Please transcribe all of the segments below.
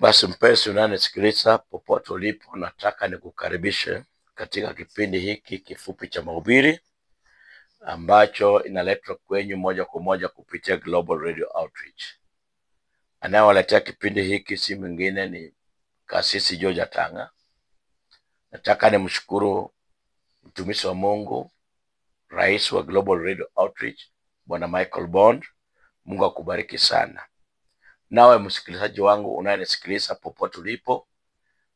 Basi mpenzi unanisikiliza popote ulipo, nataka nikukaribishe katika kipindi hiki kifupi cha mahubiri ambacho inaletwa kwenyu moja kwa moja kupitia Global Radio Outreach. Anayewaletea kipindi hiki si mwingine ni Kasisi George Tanga. Nataka nimshukuru mtumishi wa Mungu, rais wa Global Radio Outreach, Bwana Michael Bond. Mungu akubariki sana. Nawe msikilizaji wangu unayenisikiliza popote ulipo,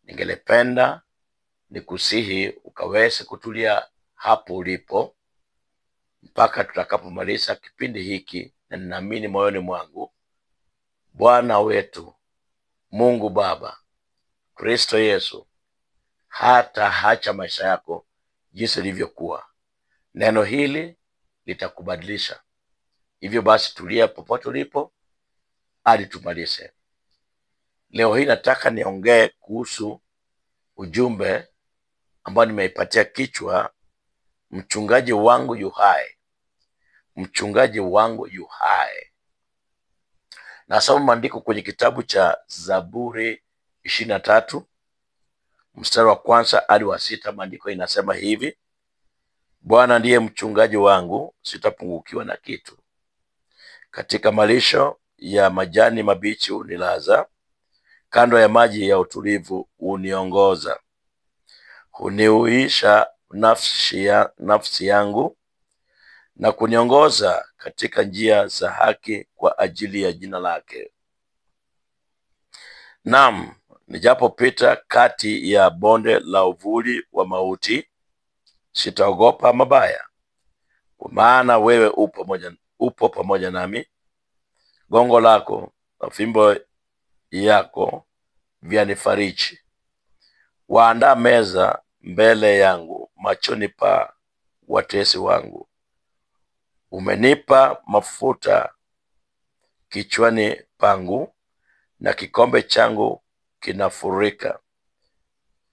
ningelependa nikusihi ukaweze kutulia hapo ulipo mpaka tutakapomaliza kipindi hiki, na ninaamini moyoni mwangu Bwana wetu Mungu Baba Kristo Yesu hata hacha maisha yako jinsi ilivyokuwa. Neno hili litakubadilisha. Hivyo basi, tulia popote ulipo hadi tumalize. Leo hii nataka niongee kuhusu ujumbe ambao nimeipatia kichwa mchungaji wangu yu hai, mchungaji wangu yu hai. Nasoma maandiko kwenye kitabu cha Zaburi ishirini na tatu mstari wa kwanza hadi wa sita. Maandiko inasema hivi: Bwana ndiye mchungaji wangu, sitapungukiwa na kitu. Katika malisho ya majani mabichi hunilaza, kando ya maji ya utulivu huniongoza, huniuisha nafsi, ya, nafsi yangu na kuniongoza katika njia za haki kwa ajili ya jina lake. Naam, nijapopita kati ya bonde la uvuli wa mauti, sitaogopa mabaya, kwa maana wewe upo pamoja, upo pamoja nami gongo lako na fimbo yako vyanifariji. Waandaa meza mbele yangu machoni pa watesi wangu. Umenipa mafuta kichwani pangu, na kikombe changu kinafurika.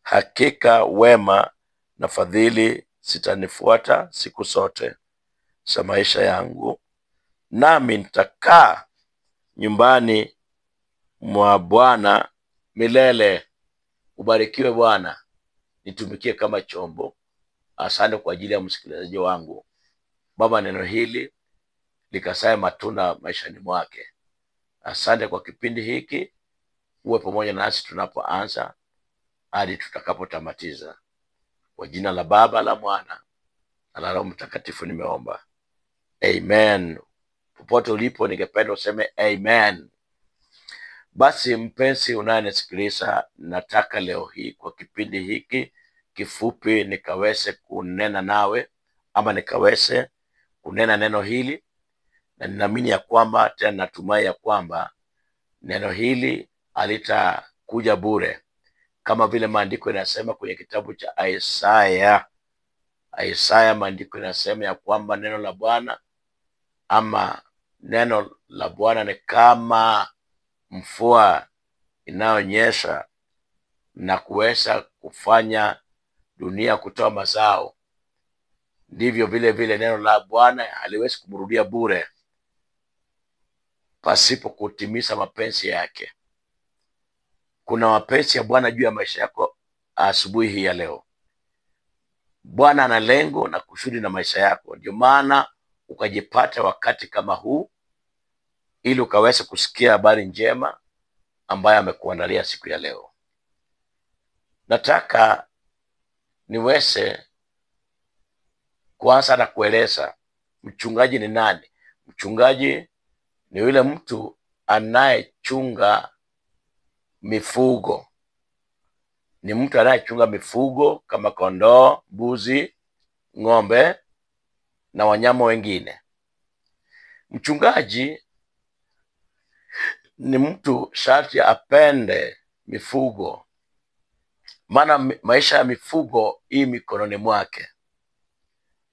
Hakika wema na fadhili zitanifuata siku zote za maisha yangu, nami nitakaa nyumbani mwa Bwana milele. Ubarikiwe Bwana, nitumikie kama chombo. Asante kwa ajili ya msikilizaji wangu. Baba, neno hili likasae matunda maishani mwake. Asante kwa kipindi hiki, uwe pamoja nasi tunapoanza hadi tutakapotamatiza. Kwa jina la Baba, la Mwana na la Roho Mtakatifu nimeomba, amen popote ulipo, ningependa useme amen. Basi mpenzi unayenisikiliza, nataka leo hii kwa kipindi hiki kifupi nikaweze kunena nawe ama nikaweze kunena neno hili, na ninaamini ya kwamba tena natumai ya kwamba neno hili halitakuja bure, kama vile maandiko inasema kwenye kitabu cha Isaya. Isaya maandiko inasema ya kwamba neno la Bwana ama Neno la Bwana ni kama mvua inayonyesha na kuweza kufanya dunia kutoa mazao, ndivyo vile vile neno la Bwana haliwezi kumrudia bure pasipo kutimiza mapenzi yake. Kuna mapenzi ya Bwana juu ya maisha yako asubuhi hii ya leo. Bwana ana lengo na kusudi na maisha yako, ndio maana ukajipata wakati kama huu ili ukaweza kusikia habari njema ambayo amekuandalia siku ya leo. Nataka niweze kuanza na kueleza mchungaji ni nani. Mchungaji ni yule mtu anayechunga mifugo, ni mtu anayechunga mifugo kama kondoo, mbuzi, ng'ombe na wanyama wengine. Mchungaji ni mtu sharti apende mifugo, maana maisha ya mifugo hii mikononi mwake.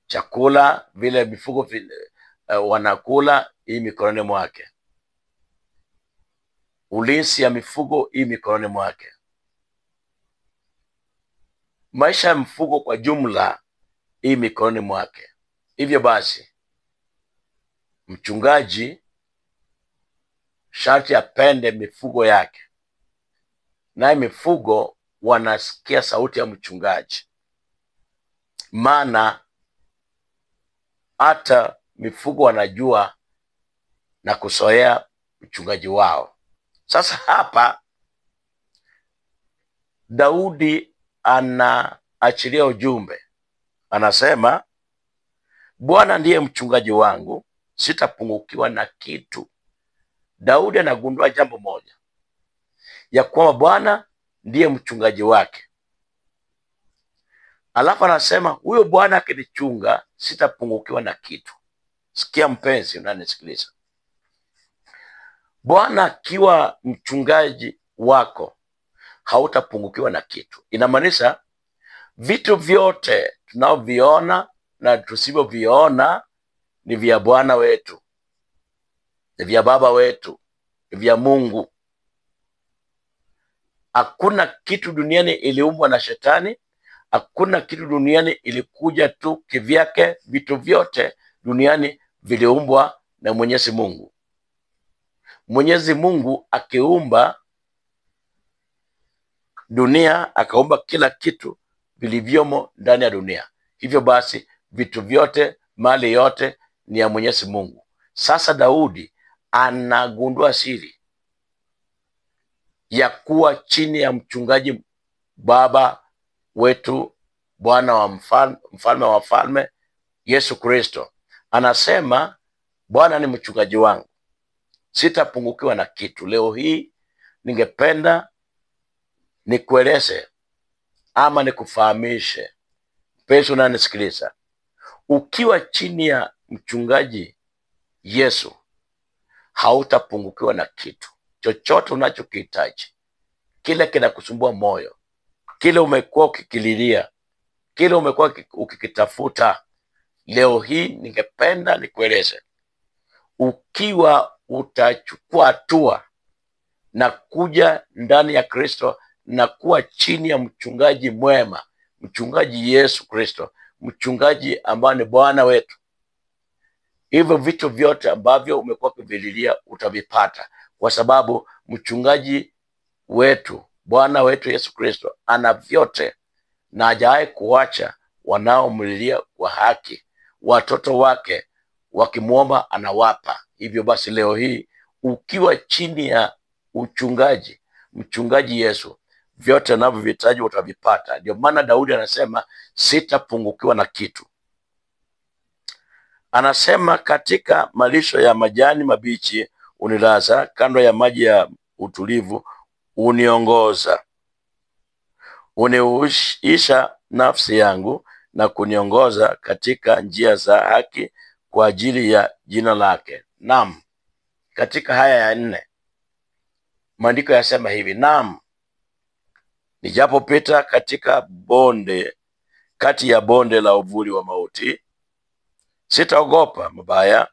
Chakula vile mifugo vile, uh, wanakula hii mikononi mwake. Ulinzi ya mifugo hii mikononi mwake. Maisha ya mfugo kwa jumla hii mikononi mwake. Hivyo basi mchungaji sharti apende mifugo yake, naye mifugo wanasikia sauti ya mchungaji, maana hata mifugo wanajua na kusoea mchungaji wao. Sasa hapa Daudi anaachilia ujumbe, anasema Bwana ndiye mchungaji wangu, sitapungukiwa na kitu. Daudi anagundua jambo moja, ya kwamba Bwana ndiye mchungaji wake, alafu anasema huyo Bwana akinichunga sitapungukiwa na kitu. Sikia mpenzi unanisikiliza, Bwana akiwa mchungaji wako hautapungukiwa na kitu. Inamaanisha vitu vyote tunavyoviona na tusivyoviona ni vya Bwana wetu, ni vya Baba wetu, ni vya Mungu. Hakuna kitu duniani iliumbwa na Shetani, hakuna kitu duniani ilikuja tu kivyake. Vitu vyote duniani viliumbwa na Mwenyezi Mungu. Mwenyezi Mungu akiumba dunia, akaumba kila kitu vilivyomo ndani ya dunia. Hivyo basi vitu vyote, mali yote ni ya Mwenyezi Mungu. Sasa Daudi anagundua siri ya kuwa chini ya mchungaji baba wetu Bwana wa mfalme, mfalme wa falme Yesu Kristo. Anasema Bwana ni mchungaji wangu, sitapungukiwa na kitu. Leo hii ningependa nikueleze ama nikufahamishe, mpenzi unanisikiliza, ukiwa chini ya mchungaji Yesu, hautapungukiwa na kitu chochote unachokihitaji. Kile kinakusumbua moyo, kile umekuwa ukikililia, kile umekuwa ukikitafuta, leo hii ningependa nikueleze, ukiwa utachukua hatua na kuja ndani ya Kristo na kuwa chini ya mchungaji mwema, mchungaji Yesu Kristo mchungaji ambaye ni Bwana wetu. Hivyo vitu vyote ambavyo umekuwa ukivililia utavipata, kwa sababu mchungaji wetu Bwana wetu Yesu Kristo ana vyote na hajawahi kuacha wanaomlilia kwa haki. Watoto wake wakimwomba anawapa. Hivyo basi, leo hii ukiwa chini ya uchungaji mchungaji Yesu vyote anavyohitaji utavipata. Ndio maana Daudi anasema sitapungukiwa na kitu. Anasema katika malisho ya majani mabichi unilaza, kando ya maji ya utulivu uniongoza, uniuisha nafsi yangu na kuniongoza katika njia za haki kwa ajili ya jina lake. Naam, katika haya ya nne maandiko yasema hivi, naam Nijapopita katika bonde kati ya bonde la uvuli wa mauti, sitaogopa mabaya,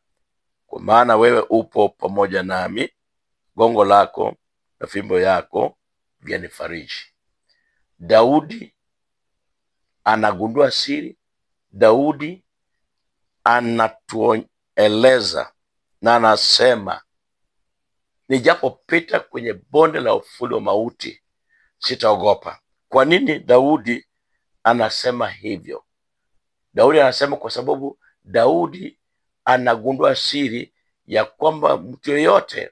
kwa maana wewe upo pamoja nami, gongo lako na fimbo yako vyanifariji. Daudi anagundua siri, Daudi anatueleza na anasema, nijapopita kwenye bonde la uvuli wa mauti sitaogopa. Kwa nini Daudi anasema hivyo? Daudi anasema kwa sababu Daudi anagundua siri ya kwamba mtu yeyote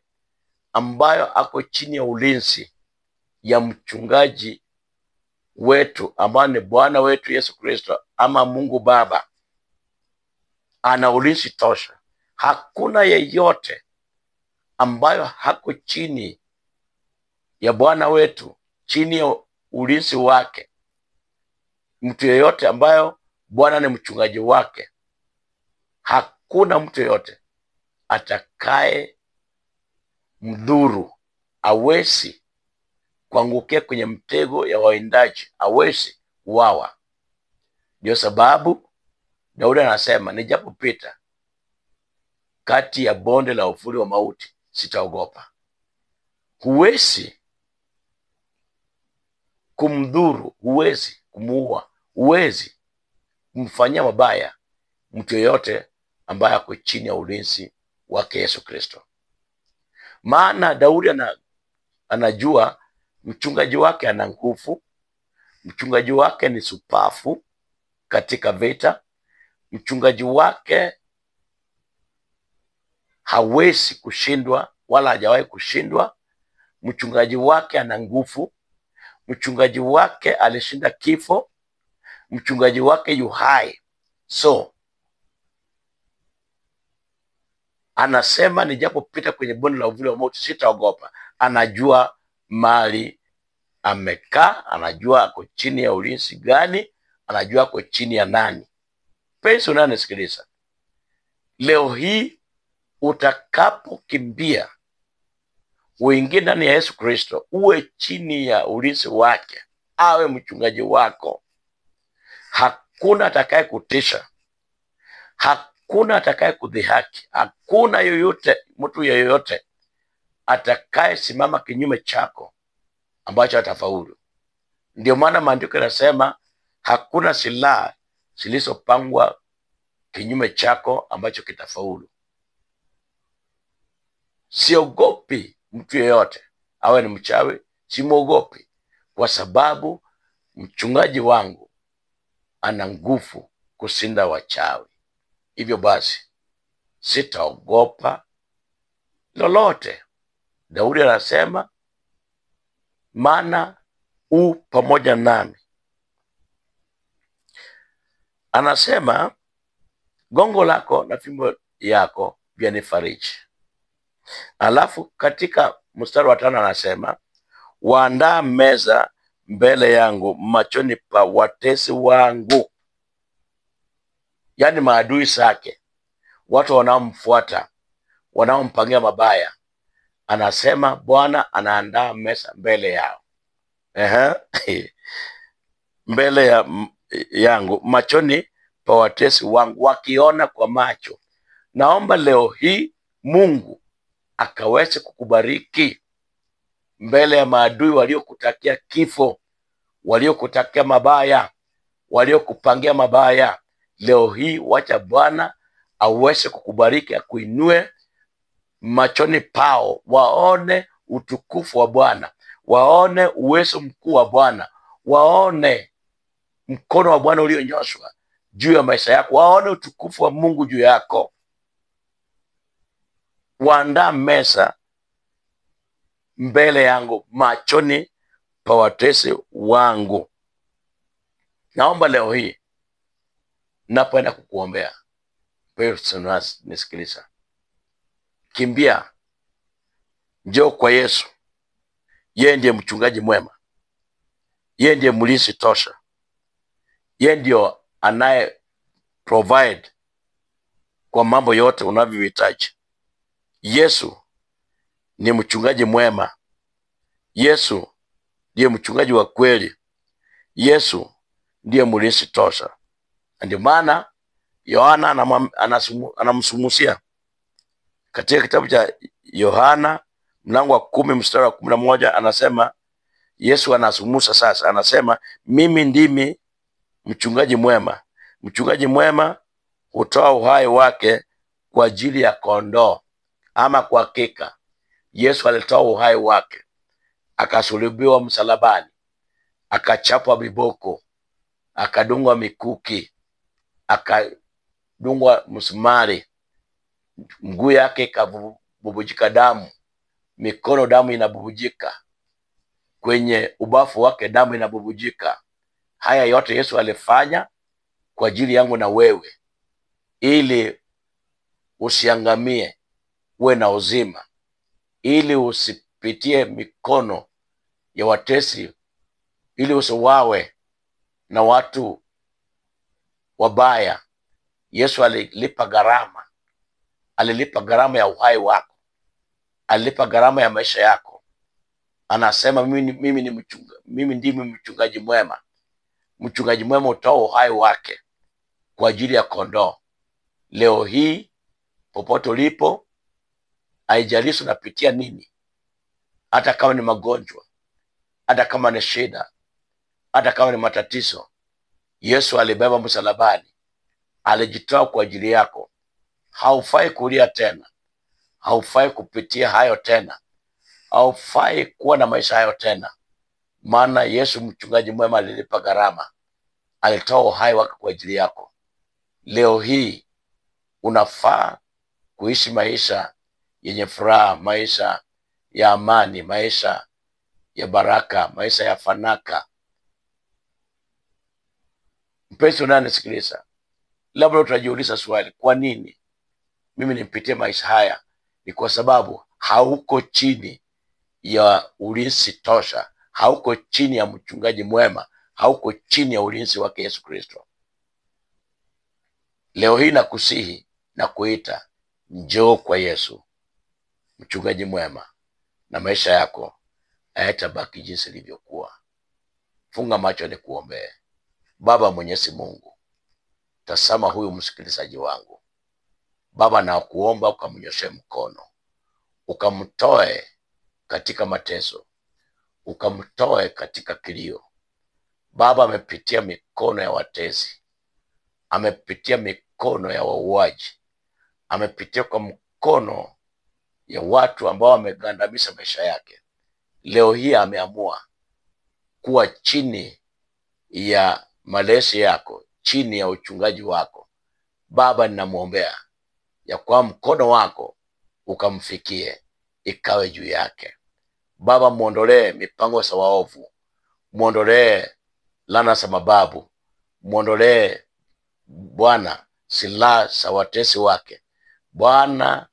ambayo ako chini ya ulinzi ya mchungaji wetu ambaye ni Bwana wetu Yesu Kristo ama Mungu Baba, ana ulinzi tosha. Hakuna yeyote ambayo hako chini ya Bwana wetu chini ya ulinzi wake mtu yeyote ambayo Bwana ni mchungaji wake. Hakuna mtu yeyote atakaye mdhuru, awezi kuangukia kwenye mtego ya wawindaji, awezi wawa. Ndio sababu Daudi anasema nijapopita kati ya bonde la uvuli wa mauti sitaogopa. Huwezi kumdhuru, huwezi kumuua, huwezi kumfanyia mabaya mtu yeyote ambaye ako chini ya ulinzi wake Yesu Kristo. Maana Daudi ana, anajua mchungaji wake ana nguvu, mchungaji wake ni supafu katika vita, mchungaji wake hawezi kushindwa wala hajawahi kushindwa. Mchungaji wake ana nguvu, mchungaji wake alishinda kifo, mchungaji wake yu hai. So anasema nijapopita kwenye bonde la uvuli wa mauti sitaogopa. Anajua mali amekaa, anajua ako chini ya ulinzi gani, anajua ako chini ya nani. Pensi unayonisikiliza leo hii, utakapokimbia uingie ndani ya Yesu Kristo, uwe chini ya ulinzi wake, awe mchungaji wako. Hakuna atakaye kutisha, hakuna atakaye kudhihaki, hakuna yoyote, mtu atakaye atakayesimama kinyume chako ambacho atafaulu. Ndio maana maandiko yanasema hakuna silaha zilizopangwa kinyume chako ambacho kitafaulu. Siogopi mtu yeyote awe ni mchawi, simwogopi kwa sababu mchungaji wangu ana nguvu kushinda wachawi. Hivyo basi sitaogopa lolote. Daudi anasema maana u pamoja nami. Anasema gongo lako na fimbo yako vyanifariji. Alafu katika mstari wa tano anasema waandaa meza mbele yangu machoni pa watesi wangu, yaani maadui zake, watu wanaomfuata, wanaompangia mabaya. Anasema Bwana anaandaa meza mbele yao, ehe, mbele ya yangu machoni pa watesi wangu, wakiona kwa macho. Naomba leo hii Mungu akaweze kukubariki mbele ya maadui waliokutakia kifo, waliokutakia mabaya, waliokupangia mabaya. Leo hii wacha Bwana aweze kukubariki, akuinue machoni pao, waone utukufu wa Bwana, waone uwezo mkuu wa Bwana, waone mkono wa Bwana ulionyoshwa juu ya maisha yako, waone utukufu wa Mungu juu yako. Waandaa meza mbele yangu machoni pa watesi wangu. Naomba leo hii napenda kukuombea, wewe nisikiliza, kimbia, njoo kwa Yesu. Yeye ndiye mchungaji mwema, yeye ndiye mlisi tosha, yeye ndio anaye provide kwa mambo yote unavyohitaji. Yesu ni mchungaji mwema. Yesu ndiye mchungaji wa kweli. Yesu ndiye mlinzi tosha. Ndio maana Yohana anamsumusia katika kitabu cha Yohana mlango wa kumi mstari wa kumi na moja anasema Yesu anasumusa sasa, anasema mimi ndimi mchungaji mwema. Mchungaji mwema hutoa uhai wake kwa ajili ya kondoo ama kwa hakika Yesu alitoa uhai wake, akasulubiwa msalabani, akachapwa viboko, akadungwa mikuki, akadungwa msumari, mguu yake ikabubujika damu, mikono damu inabubujika, kwenye ubafu wake damu inabubujika. Haya yote Yesu alifanya kwa ajili yangu na wewe, ili usiangamie uwe na uzima, ili usipitie mikono ya watesi, ili usiwawe na watu wabaya. Yesu alilipa gharama, alilipa gharama ya uhai wako, alilipa gharama ya maisha yako. Anasema mimi, mimi, ni mchunga, mimi ndimi mchungaji mwema. Mchungaji mwema utoa uhai wake kwa ajili ya kondoo. Leo hii popote ulipo, haijalishi unapitia nini, hata kama ni magonjwa, hata kama ni shida, hata kama ni matatizo. Yesu alibeba msalabani, alijitoa kwa ajili yako. Haufai kulia tena, haufai kupitia hayo tena, haufai kuwa na maisha hayo tena, maana Yesu mchungaji mwema alilipa gharama, alitoa uhai wake kwa ajili yako. Leo hii unafaa kuishi maisha yenye furaha, maisha ya amani, maisha ya baraka, maisha ya fanaka. Mpenzi unanisikiliza, labda utajiuliza swali, kwa nini mimi nimpitie maisha haya? Ni kwa sababu hauko chini ya ulinzi tosha, hauko chini ya mchungaji mwema, hauko chini ya ulinzi wake Yesu Kristo. Leo hii nakusihi na kuita, njoo kwa Yesu mchungaji mwema na maisha yako hayatabaki jinsi ilivyokuwa. Funga macho ni kuombee. Baba Mwenyezi Mungu, tasama huyu msikilizaji wangu Baba, nakuomba ukamnyoshe mkono, ukamtoe katika mateso, ukamtoe katika kilio. Baba amepitia mikono ya watezi, amepitia mikono ya wauaji, amepitia kwa mkono ya watu ambao wamegandamisha maisha yake, leo hii ameamua kuwa chini ya malezi yako, chini ya uchungaji wako. Baba, ninamwombea ya kwa mkono wako ukamfikie, ikawe juu yake. Baba, mwondolee mipango za waovu, mwondolee lana za mababu, mwondolee Bwana silaha za watesi wake Bwana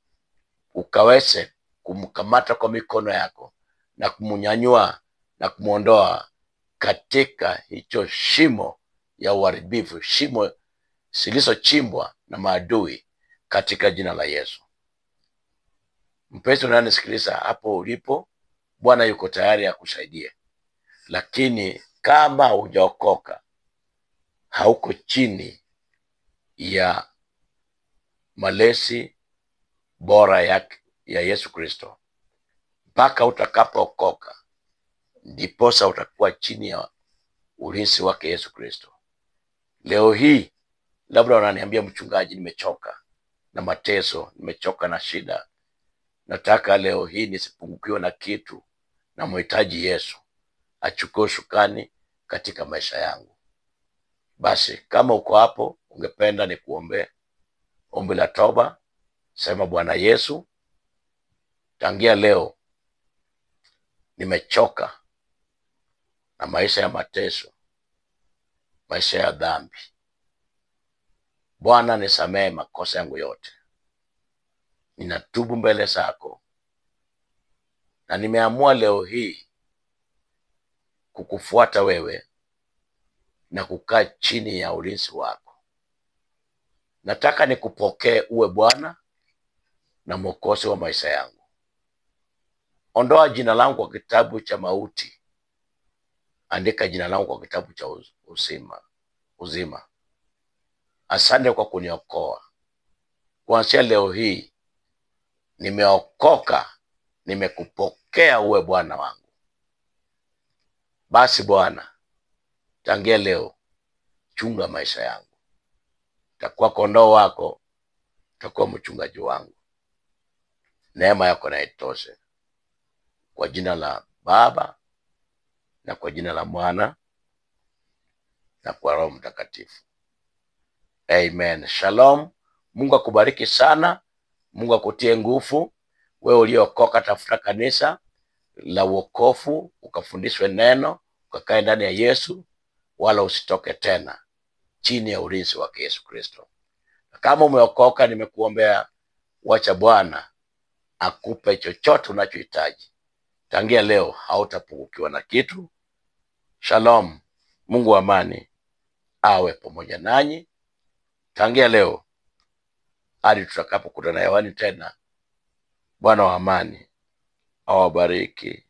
ukaweze kumkamata kwa mikono yako na kumunyanyua na kumwondoa katika hicho shimo ya uharibifu, shimo zilizochimbwa na maadui katika jina la Yesu. Mpenzi unanisikiliza hapo ulipo, Bwana yuko tayari akusaidie, lakini kama hujaokoka hauko chini ya malezi bora ya, ya Yesu Kristo mpaka utakapookoka, ndiposa utakuwa chini ya ulinzi wake Yesu Kristo. Leo hii labda unaniambia mchungaji, nimechoka na mateso, nimechoka na shida, nataka leo hii nisipungukiwe na kitu, namhitaji Yesu achukue shukani katika maisha yangu. Basi kama uko hapo, ungependa nikuombee ombi la toba Sema Bwana Yesu, tangia leo nimechoka na maisha ya mateso, maisha ya dhambi. Bwana, nisamehe makosa yangu yote, ninatubu mbele zako, na nimeamua leo hii kukufuata wewe na kukaa chini ya ulinzi wako. Nataka nikupokee uwe Bwana na Mwokozi wa maisha yangu. Ondoa jina langu kwa kitabu cha mauti, andika jina langu kwa kitabu cha uzima. Uzima, asante kwa kuniokoa. Kuanzia leo hii nimeokoka, nimekupokea uwe Bwana wangu. Basi Bwana, tangia leo chunga maisha yangu, takuwa kondoo wako, takuwa mchungaji wangu. Neema yako na itoshe. Kwa jina la Baba na kwa jina la Mwana na kwa Roho Mtakatifu. Amen. Shalom. Mungu akubariki sana. Mungu akutie nguvu. Wewe uliokoka, tafuta kanisa la wokovu, ukafundishwe neno, ukakae ndani ya Yesu, wala usitoke tena chini ya ulinzi wake Yesu Kristo. Kama umeokoka, nimekuombea, wacha Bwana akupe chochote unachohitaji. Tangia leo hautapungukiwa na kitu. Shalom, Mungu wa amani awe pamoja nanyi tangia leo hadi tutakapokutana hewani tena. Bwana wa amani awabariki.